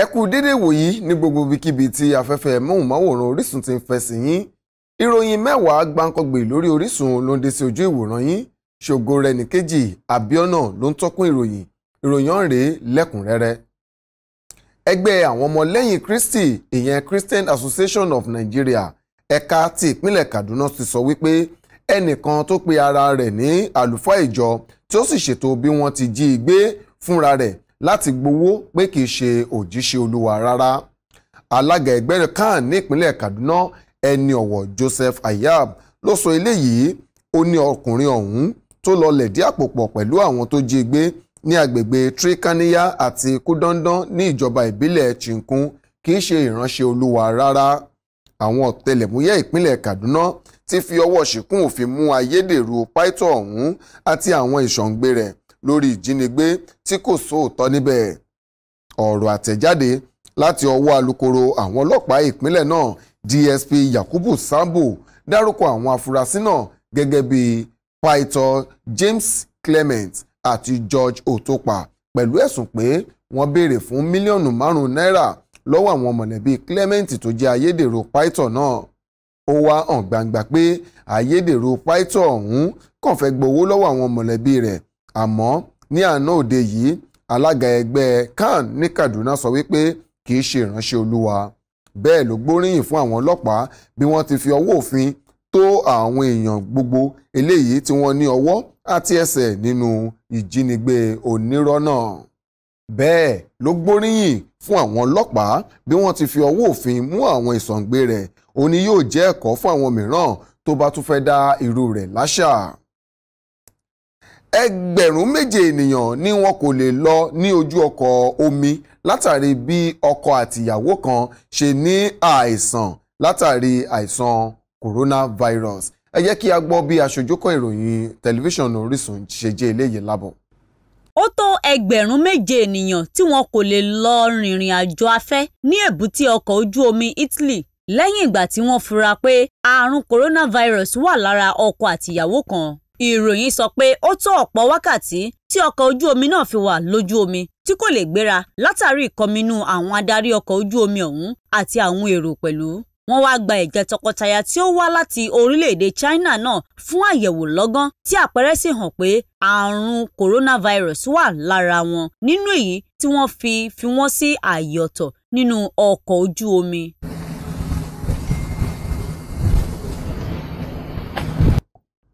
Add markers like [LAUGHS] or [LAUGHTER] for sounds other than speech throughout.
ẹ kú dédé wòyí ní gbogbo ibikíbi tí afẹ́fẹ́ móhùnmáwòrán Orísun ti ń fẹ́ sí yín ìròyìn mẹ́wàá gbáǹkọ́gbè lórí Orísun ló ń dé sí ojú ìwòran yín ṣògo rẹ̀ nìkejì Àbíọ́nà ló ń tọ́kún ìròyìn ìròyìn ọ̀rẹ́ lẹ́kùnrẹ́rẹ́ ẹgbẹ́ àwọn ọmọlẹ́yìn Kristi ìyẹn Christian Association of Nigeria ẹ̀ka ti ìpínlẹ̀ Kaduna ti sọ wípé ẹnìkan tó pe ara rẹ̀ ní àlùfáà ìjọ tí ó sì ṣètò bí wọ́n ti jí i gbé fúnra rẹ̀ láti gbowó pé kì í ṣe òjíṣẹ́ olúwa rárá alága ẹgbẹ́ kan nípínlẹ̀ Kaduna ẹni ọ̀wọ̀ Joseph Ayab ló sọ eléyìí ó ní ọkùnrin ọ̀hún tó lọlẹ̀ dí àpò pọ̀ pẹ̀lú àwọn tó jí gbé ní agbègbè Trikaniya àti Kúdọ́ndán ní ìjọba ìbílẹ̀ Chinkun kì ṣe ìránṣẹ́ olúwa rárá àwọn ọ̀tẹlẹ̀múyẹ́ ìpínlẹ̀ Kaduna ti fi ọwọ́ ṣìkún òfin mú ayédèrú pító ọ̀hún àti àwọn ìṣọ̀ǹgbé rẹ̀ lórí ìjínigbé tí kò sóòótọ́ níbẹ̀ ọ̀rọ̀ àtẹ̀jáde láti ọwọ́ alukoro àwọn ọlọ́pàá ìpínlẹ̀ náà DSP Yakubu Sambo dárúkọ àwọn afurasí náà gẹ́gẹ́ bí Python James Clement àti George Otopa pẹ̀lú ẹ̀sùn pé wọ́n béèrè fún mílíọ̀nù márùn-ún náírà lọ́wọ́ àwọn mọ̀lẹ́bí Clement tó jẹ́ ayédèrú Python náà ó wá hàn gbangba pé ayédèrú Python ọ̀hún kàn fẹ́ gbowó lọ́wọ́ àwọn mọ̀lẹ́bí rẹ̀ àmọ́ ní àná òde yìí alága ẹgbẹ́ kan ní Kaduna sọ wípé kì í ṣe ìránṣẹ́ Olúwa bẹ́ẹ̀ ló gbóríyìn fún àwọn ọlọ́pàá bí wọ́n ti fi ọwọ́ òfin tó àwọn èèyàn gbogbo eléyìí tí wọ́n ní ọwọ́ àti ẹsẹ̀ nínú ìjínigbé onírọ́ náà bẹ́ẹ̀ ló gbóríyìn fún àwọn ọlọ́pàá bí wọ́n ti fi ọwọ́ òfin mú àwọn ìsọ̀ǹgbé rẹ̀ ó ní yóò jẹ́ ẹ̀kọ́ fún àwọn mìíràn tó bá tún fẹ́ dá irú rẹ̀ láṣà ẹgbẹ̀rún méje ènìyàn ni wọn kò lè lọ ní ojú ọkọ̀ omi látàrí bí ọkọ àtìyàwó kan ṣe ní àìsàn látàrí àìsàn coronavirus ẹ jẹ́ kí a gbọ́ bí aṣojúkọ̀ ìròyìn tẹlifíṣàn Orísun ṣe jẹ́ eléyìí lábọ̀ ó tó ẹgbẹ̀rún méje ènìyàn tí wọn kò lè lọ rìnrìn àjò afẹ́ ní èbúté ọkọ̀ ojú omi Italy lẹ́yìn ìgbà tí wọ́n fura pé ààrùn coronavirus wà lára ọkọ àtìyàwó kan ìròyìn sọ pé ó tó ọ̀pọ̀ wákàtí tí ọkọ̀ ojú omi náà fi wà lójú omi tí kò lè gbéra látàrí ìkọminú àwọn adarí ọkọ̀ ojú omi ọ̀hún àti àwọn èrò pẹ̀lú wọ́n wá gba ẹ̀jẹ̀ tọkọtaya tí ó wá láti orílẹ̀-èdè China náà fún àyẹ̀wò lọ́gán tí àpẹẹrẹ sì hàn pé àrùn coronavirus wà lára wọn nínú èyí tí wọ́n fi fi wọ́n sí àyè ọ̀tọ̀ nínú ọkọ̀ ojú omi.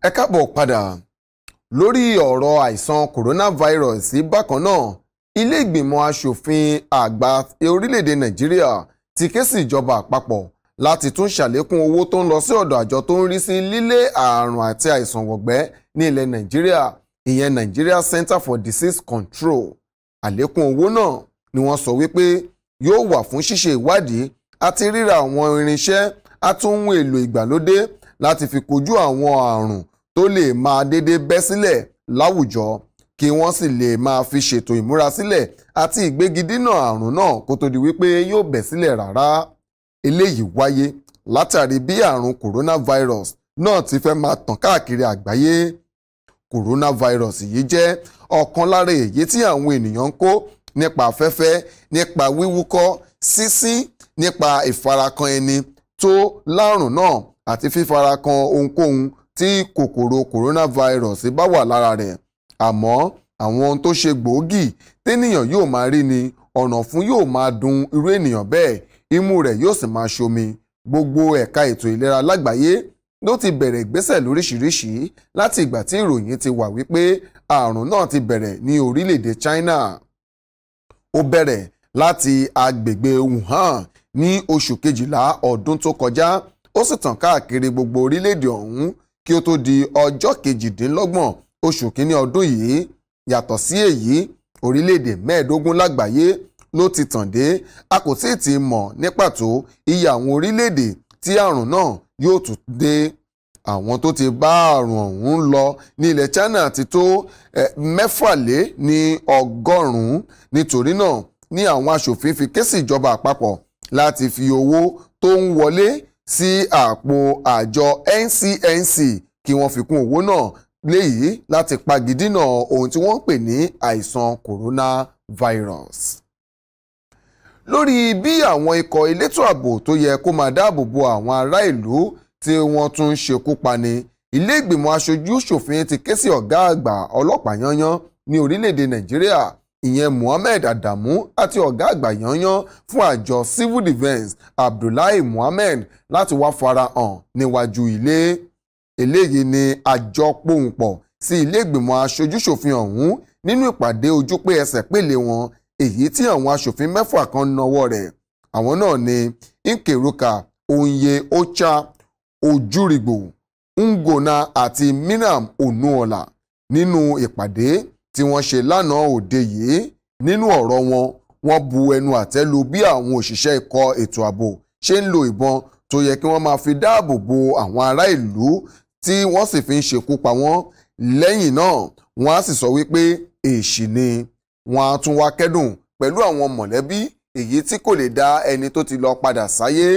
ẹ káàbọ̀ padà lórí ọ̀rọ̀ àìsàn coronavirus bákan náà ilé ìgbìmọ̀ asòfin àgbà orílẹ̀-èdè nàìjíríà ti ké sí ìjọba àpapọ̀ láti tún ṣàlékún owó tó ń lọ sí ọ̀dọ̀ àjọ tó ń rí sí lílé ààrùn àti àìsàn wọ̀gbẹ́ ní ilẹ̀ nàìjíríà ìyẹn nigeria center for disease control àlékún owó náà ni wọ́n sọ wípé yóò wà fún ṣíṣe ìwádìí àti ríra àwọn irinṣẹ́ àtúnwò èlò ìgbàlódé láti fi kojú àwọn àrùn tó lè máa dédé bẹ́ sílẹ̀ láwùjọ kí wọ́n sì lè máa fi ṣètò ìmúrasílẹ̀ àti ìgbégidínà àrùn náà kó tó di wípé yóò bẹ́ sílẹ̀ rárá eléyìí wáyé látàrí bí àrùn coronavirus náà ti fẹ́ máa tàn káàkiri àgbáyé coronavirus yìí jẹ́ ọ̀kan lára èyí tí àwọn ènìyàn ń kó nípa afẹ́fẹ́ nípa wíwúkọ́ sísín nípa ìfarakan ẹni tó lárùn náà àti fífarakan ohunkóhun tí kòkòrò coronavirus bá wà lára rẹ̀ àmọ́ àwọn ohun tó ṣe gbòógì ténìyàn yóò máa rí ni ọ̀nà fún yóò máa dùn irú ènìyàn bẹ́ẹ̀ imú rẹ̀ yóò sì máa ṣomi gbogbo ẹ̀ka ètò ìlera lágbàáyé ló ti bẹ̀rẹ̀ ìgbésẹ̀ lóríṣiríṣi láti ìgbà tí ìròyìn ti wà wípé àrùn náà ti bẹ̀rẹ̀ ní orílẹ̀-èdè China ó bẹ̀rẹ̀ láti agbègbè Wuhan ní oṣù kejìlá ọdún tó kọjá ó sì tàn káàkiri gbogbo orílẹ̀-èdè ọ̀hún kí ó tó di ọjọ́ kejìdínlọ́gbọ̀n oṣù kínní ọdún yìí yàtọ̀ sí èyí orílẹ̀-èdè mẹ́ẹ̀ẹ́dógún lágbàáyé ló ti tàn dé a kò tí ti mọ̀ ní pàtó iye àwọn orílẹ̀-èdè tí àrùn náà yóò tún dé àwọn tó ti bá àrùn ọ̀hún lọ ní ilẹ̀ China ti tó mẹ́fàlé ní ọgọ́rùn-ún nítorí náà ni àwọn aṣòfin fi ké sí ìjọba àpapọ̀ láti fi owó tó ń wọlé sí àpò àjọ NCNC kí wọ́n fi kún owó náà léyìí láti pagidínà ohun tí wọ́n ń pè ní àìsàn coronavirus lórí bí àwọn ikọ̀ elétò ààbò tó yẹ kó máa dáàbò bo àwọn ará ìlú tí wọ́n tún ṣekú pani ilé ìgbìmọ̀ aṣojú ṣòfin ti ké sí ọ̀gá àgbà ọlọ́pàá yányán ní orílẹ̀-èdè Nàìjíríà ìyẹn Muhammed Adamu àti ọ̀gá àgbà yanyan fún àjọ civil defence Abdullahi Muhammed láti wá farahàn níwájú ilé eléyìí ni àjọ pohùnpọ̀ sí ilé ìgbìmọ̀ aṣojúṣòfin ọ̀hún nínú ìpàdé ojúpé ẹsẹ̀ pèlè wọn èyí tí àwọn aṣòfin mẹ́fà kan nawọ́ rẹ̀ àwọn náà ni Nkeruka Onye Ocha Ojúrigbo Ngona àti Miriam Onuola nínú ìpàdé tí wọ́n ṣe lánàá òde yìí nínú ọ̀rọ̀ wọn wọ́n bu ẹnu àtẹ́ lu bí àwọn òṣìṣẹ́ ikọ̀ ètò ààbò ṣe ń lo ìbọn tó yẹ kí wọ́n máa fi dáàbò bo àwọn ará ìlú tí wọ́n sì fi ń ṣekú pa wọ́n lẹ́yìn náà wọ́n á sì sọ wípé èṣì ni wọ́n á tún wá kẹ́dùn pẹ̀lú àwọn mọ̀lẹ́bí èyí tí kò lè dá ẹni tó ti lọ padà sáyé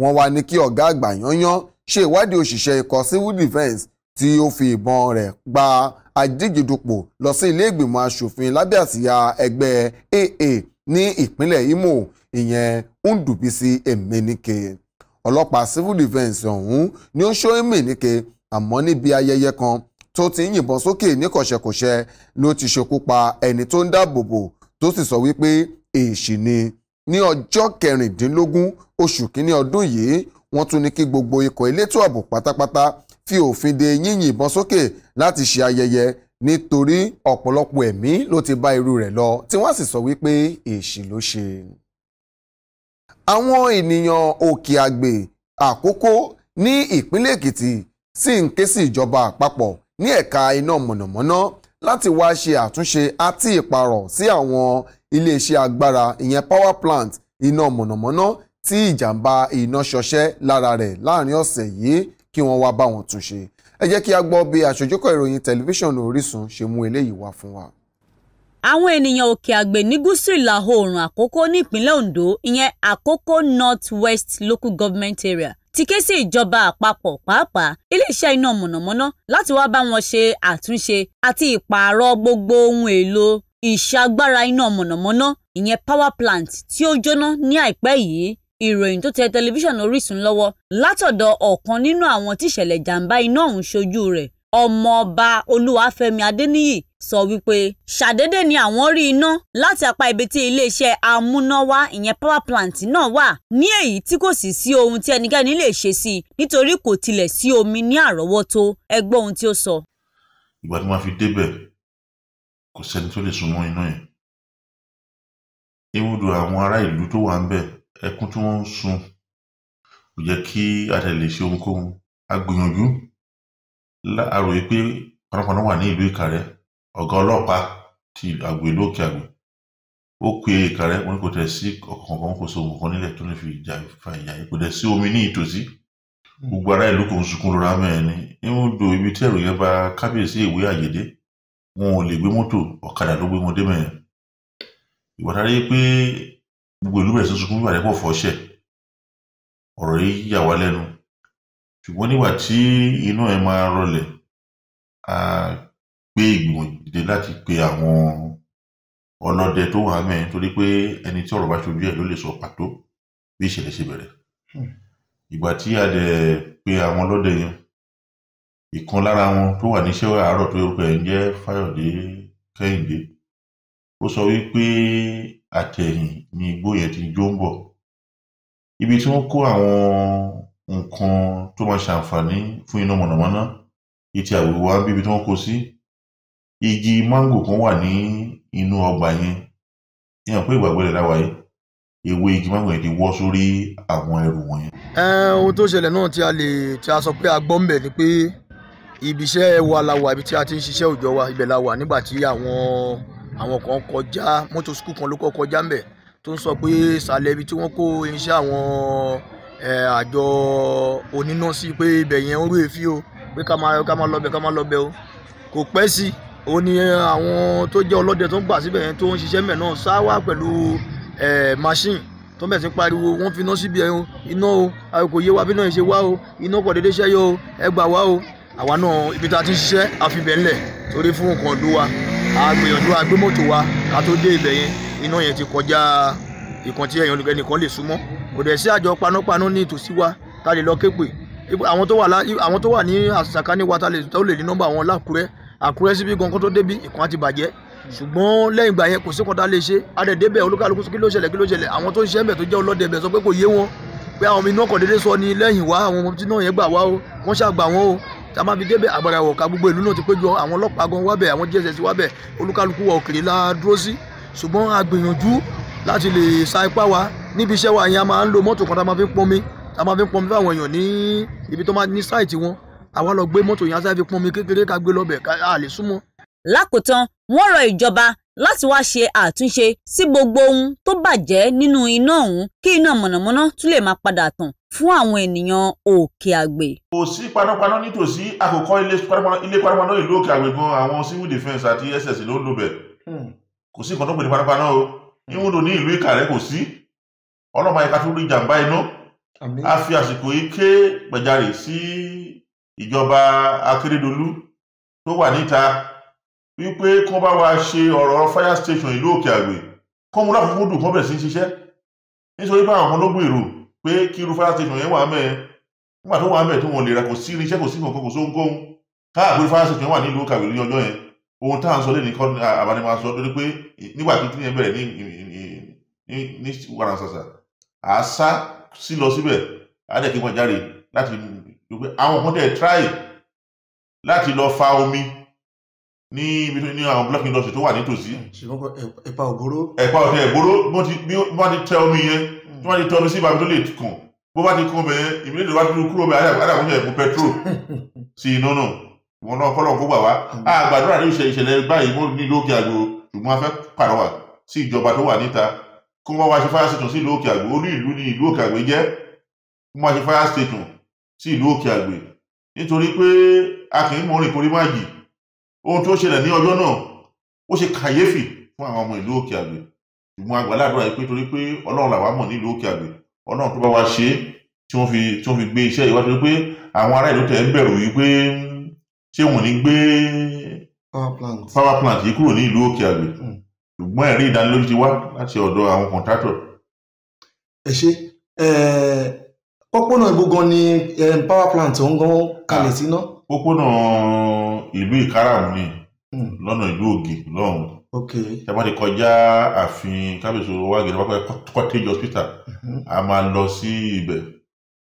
wọ́n wá ní kí ọ̀gá àgbà yányán ṣe ìwádìí òṣìṣẹ́ ikọ̀ civil defence tí ó fi ìbọn rẹ̀ gba adíjedupò lọ sí ilé ìgbìmọ̀ asòfin lábẹ́ àsíá ẹgbẹ́ AA ní ìpínlẹ̀ Imo ìyẹn Ndùbísí Emenike ọlọ́pàá civil defence ọ̀hún ni ó ṣó Emenike àmọ́ níbi ayẹyẹ kan tó ti ń yìnbọn sókè ní kọ̀ṣẹ̀kọ̀ṣẹ̀ ló ti ṣekú pa ẹni tó ń dáàbòbò tó sì sọ wípé èèṣì ni ní ọjọ́ kẹrìndínlógún oṣù kínní ọdún yìí wọ́n tún ní kí gbogbo ikọ̀ elétò ààbò pátápátá fi òfin de yíyìnbọn sókè láti ṣe ayẹyẹ nítorí ọ̀pọ̀lọpọ̀ ẹ̀mí ló ti bá irú rẹ̀ lọ tí wọ́n sì sọ wípé èṣì ló ṣe. àwọn ènìyàn òkè àgbè àkókò ní ìpínlẹ̀ èkìtì sì ń ké sí ìjọba àpapọ̀ ní ẹ̀ka iná mọ̀nàmọ́ná láti wá ṣe àtúnṣe àti ìparọ̀ sí àwọn iléeṣẹ́ agbára ìyẹn power plant iná mọ̀nàmọ́ná tí ìjàmbá iná ṣọṣẹ́ lára rẹ̀ láàrin ọ̀sẹ̀ yìí kí wọ́n wá bá wọn tún ṣe ẹ jẹ́ kí a gbọ́ bí àṣojúkọ̀ ìròyìn tẹlifíṣàn Orísun ṣe mú eléyìí wá fún wa. Àwọn ènìyàn òkè àgbè ní gúúsù ìlà oòrùn Àkókó ní ìpínlẹ̀ Ondo ìyẹn Àkókó North West Local Government Area ti ké sí ìjọba àpapọ̀ pàápàá iléeṣẹ́ iná mọ̀nàmọ́ná láti wá bá wọn ṣe àtúnṣe àti ìpààrọ̀ gbogbo ohun èlò ìṣàgbára iná mọ̀nàmọ́ná ìyẹn power plant tí ó jóná ní àìpẹ́ yìí ìròyìn tó tẹ tẹlifíṣàn Orísun lọ́wọ́ látọ̀dọ̀ ọ̀kan nínú àwọn tíṣẹ̀lẹ̀ jàǹbá iná ọ̀hún ṣojú rẹ̀ ọmọọba Olúwafẹ́mi Adéníyì sọ wípé ṣàdédé ni àwọn rí iná láti apá ibi tí iléeṣẹ́ amúnáwá ìyẹn power plant náà wà ní èyí tí kò sì sí ohun tí ẹnikẹ́ni lè ṣe sí i nítorí kò tilẹ̀ sí omi ní àrọ́wọ́tó ẹ gbọ́ ohun tí ó sọ. ìgbà tí wọn fi débẹ̀ kò sẹ́ni tó lè súnmọ́ iná yẹn ewúdo àwọn ará ìlú tó wà ń bẹẹ ẹkún tí wọn ń sun kò jẹ kí àtẹlẹ ṣe ohunkóhun a gbìyànjú àròyé pé panápaná wà ní ìlú ìkàrẹ ọgá ọlọpàá ti àgbò ìlú òkè àgbò ó pe ìkàrẹ wọn kò tẹ sí ọkàn kò so nǹkan nílẹ̀ tó lè fi ìjà fa ìyà kò tẹ sí omi ní ìtòsí gbogbo ará ìlú kò ń sunkún rọra mẹ́rin ní ibùdó ibi tí ẹ̀rọ yẹn bá kábíyèsí ìwé àyèdè wọn ò lè gbé mọ́tò ọ̀kadà ló gbé wọn dé mẹ́rin ìwà tá a rí pé gbogbo ìlú bẹ̀rẹ̀ sí sunkún nígbà nípò fọ́ṣẹ̀ ọ̀rọ̀ yìí yà wá lẹ́nu ṣùgbọ́n nígbà tí inú ẹ̀ máa rọlẹ̀ a gbé ìgbìmọ̀ dìde láti pe àwọn ọlọ́dẹ tó wà mẹ́rin torí pé ẹni tí ọ̀rọ̀ bá ṣojú ẹ̀ ló lè sọ pàtó bí ìṣẹ̀lẹ̀ ṣe bẹ̀rẹ̀ hmm. ìgbà tí a dẹ̀ pe àwọn ọlọ́dẹ yẹn ìkan lára wọn tó wà níṣẹ́ àárọ̀ tó orúkọ ẹ̀ ń jẹ́ Fáyọ̀dé Kẹ́hìndé ó sọ wípé àtẹ̀yìn ni igbó yẹn ti jó ń bọ̀. Ibi tí wọ́n kó àwọn nǹkan tó máa ṣàǹfààní fún iná mọ̀nàmọ́ná ní ti agbègbè tí wọ́n ko sí. Igi máńgò kan wà ní inú ọgbà yẹn, ẹ mọ̀ pé ìgbà ọ̀gbẹlẹ̀ la wà yìí, ewé igi máńgò yẹn ti wọ́ sórí àwọn ẹrù wọ̀nyẹn. um Ohun tó ṣẹlẹ̀ náà tí a lè tí a sọ pé a gbọ́ ń bẹ̀ ni pé ibiṣẹ́ wa la wà ibi tí a ti ń ṣiṣẹ́ òòjọ́ wa ibẹ̀ la wà nígbà tí àwọn àwọn kan kọjá mọ́tò skul kan ló kọ́ kọjá ńbẹ̀ tó ń sọ pé ìsàlẹ̀ ibi tí wọ́n kó irinṣẹ́ àwọn àjọ oníná sí pé ibẹ̀ yẹn ń rú èéfín o pé ká máa ká máa lọ́bẹ̀ ká máa lọ́bẹ̀ o kò pẹ́ sí i òun ni àwọn tó jẹ́ ọlọ́dẹ tó ń gbà síbẹ̀ yẹn tó ń ṣiṣẹ́ mẹ̀ náà sáwá pẹ̀lú machine tó ń bẹ̀ sí pariwo wọ́n fi iná síbi ẹ̀ o iná o àkókò yé wa bí náà ṣe wá o iná pọ̀ déédéé ṣẹ́yọ o ẹ gbà wá o àwa náà ibi tá a ti ń ṣiṣẹ́ àfibẹ̀ ńlẹ̀ torí fún nǹkan ọ̀dọ́ wa agbìyànjú agbé mọ́tò wa ká tó dé ibẹ̀ yẹn iná yẹn ti kọjá ìkan tí ẹ̀yàn ẹnìkan lè súnmọ́ kò dẹ̀ sí àjọ panápaná ní ìtòsí wa tá lè lọ képe àwọn tó wà ní àsàkání wa tá lè ní nọ́mbà wọn lákùrẹ́ àkúrẹ́ síbi gangan tó débi ìkan àti bàjẹ́ ṣùgbọ́n lẹ́yìn ìgbà yẹn kò sí kọ́ta lè ṣe àdẹ̀dẹ́bẹ̀ olúkàlùkù kí ló ṣẹlẹ̀ kí ló ṣẹlẹ̀ àwọn tó ń ṣẹ́ ń bẹ̀ tó jẹ́ ọlọ́dẹ bẹ̀ sọ pé kò yé wọn pé àwọn ọmọ iná kọ̀ déédéé sọ ni lẹ́yìn wá àwọn ọmọ tí náà yẹn gbà wá o wọ́n ṣàgbà wọn o tá a máa fi débẹ̀ agbára wọ̀ ká gbogbo ìlú náà ti péjọ àwọn ọlọ́pàá gan wábẹ̀ àwọn DSS wábẹ̀ olúkálukú wa òkèrè la dúró sí ṣùgbọ́n a gbìyànjú láti lè sa ipá wa níbi iṣẹ́ wa yẹn a máa ń lo mọ́tò kan tá a máa fi ń pọnmi tá a máa fi ń pọnmi fáwọn èèyàn ní ibi tó máa ní sáìtì wọn àwa lọ gbé mọ́tò yẹn a sáré fi pọnmi kékeré ká gbé lọ́bẹ̀ ká lè súnmọ́. lákòótán wọ́n rọ ìjọba láti wá ṣe àtúnṣe sí gbogbo ohun tó bàjẹ́ nínú iná ọ̀hún kí iná mọ̀nàmọ́ná tún lè máa padà tàn fún àwọn ènìyàn òkè àgbè. kò sí panápaná nítòsí àkókò ilé panápaná ìlú òkè àgbè gan àwọn civil defence àti ss ló ń lò bẹ̀ hmm. kò sí ìkànnì pèlè panápaná o níwúndò ní ìlú Ìkàrẹ́ kò sí ọlọ́mọ ẹ̀ka tó rí jàǹbá iná a fi àsìkò yìí ké pẹ̀járe sí ìjọba Akérédolú tó wà níta wípé kán bá wa ṣe ọ̀rọ̀ fire station ìlú òkè àgbè kán mú láfùfú dùn kán bẹ̀rẹ̀ sí í ṣiṣẹ́ nítorí pé àwọn kan ló gbèrò pé kí irú fire station yẹn wà mẹ́ẹ̀ nígbà tó wà mẹ́ẹ̀ tó wọn lè ra kò sí irinṣẹ́ kò sí nǹkan kò sóhun kóhun káàkiri fire station yẹn wà nílùú òkè àgbè ní ọjọ́ yẹn ohun tá à ń sọ lẹ́nu kan àbáni máa sọ lórí pé nígbà tó tún yẹn bẹ̀rẹ̀ ní ní wàràǹsàsà à á sá sí lọ síbẹ̀ á dẹ̀ kí wọ́n jáde láti àwọn kan dẹ̀ tráì láti lọ fa omi ní ibi ní àwọn black industry tó wà nítòsí. ṣùgbọ́n ẹ̀pà ògbóró. ẹ̀pà òtẹ ògbóró bí wọ́n ti tẹ omi yẹn tí wọ́n ti tẹ omi sí ibi tó lè kàn bó bá ti kún bẹ́ẹ̀ ìmílẹ̀ tó bá ti kúrò bẹ́ẹ̀ adàkúnṣe ẹ̀kú petrol [LAUGHS] sí inú nù wọn náà kọ́ lọ́n kó gbà wá. àgbàdo àti ìṣẹ̀lẹ̀ ìṣẹ̀lẹ̀ báyìí mo ní lókè àgbò ṣùgbọ́n a fẹ́ pàrọwà sí ìjọba tó wà níta kó wọ́n wá ṣe fire station sí ìlú òkè àgbè olú ìlú ni ìlú òkè àgbè jẹ́ kó wọ́n wá ṣe fire station sí ìlú òkè àgbè nítorí pé a kì í mọ̀ọ́rìn kórìí má yìí ohun tó ṣẹlẹ̀ ní ọjọ́ náà ó ṣe kàyéfì fún àwọn ọmọ ìlú òkè àgbè ṣùgbọ́n àgbà ládùúrà yìí pé torí pé ọlọ́run làwa mọ̀ nílùú òkè àgbè ọlọ́run tó bá wa ṣe é tí wọ́n fi tí wọ́n fi gbé iṣẹ́ ìwádìí pé àwọn ará ìlú tẹ̀ ń bẹ̀rù yìí pé ṣé wọ́n ní gbé power plant yìí kúrò ní ìlú òkè àgbè hmm. ṣùgbọ́n ẹ̀rí ìdánilójú ti wá láti ọ̀dọ̀ àwọn kọ̀ǹtátọ̀. ẹ ṣe pópónà ibo ni power plant ọ̀hún gan kalẹ̀ sí ná. pópónà ìlú ìkáràmù ni hmm. lọ́nà ìlú ògè lọ́hùn ẹ bá ti kọjá ààfin kábíyèsí olówó àgẹ̀dẹ̀ pápá cottage hospital hmm. a máa lọ sí ibẹ̀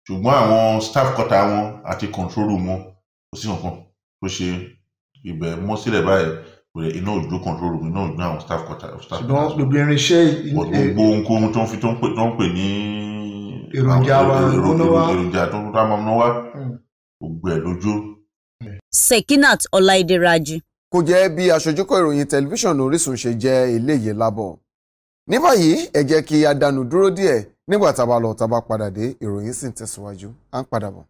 ṣùgbọ́n àwọn staff quarter wọn àti control room wọn kò sí nǹkan tó ṣe ibẹ̀ mọ́ sílẹ̀ báyìí pé iná òjò control room iná òjò àwọn staff quarter. ṣùgbọ́n gbogbo irinṣẹ́ gbogbo eh, ohunkóhun tó ń fi tó ń pè tó ń pè ní. èròjà wa èròjà tó ń tó máa ń náwá hmm. gbogbo ẹ̀ lójú Sekinat Ọláìdẹ́rajì. kò jẹ́ bí aṣojúkọ̀ ìròyìn tẹlifíṣàn Orísun ṣe jẹ́ eléyìí lábọ̀ ní báyìí ẹ jẹ́ kí a dánu dúró díẹ̀ nígbà tá a bá lọ tá a bá padà dé ìròyìn sì ń tẹ̀síwájú à ń padà bọ̀.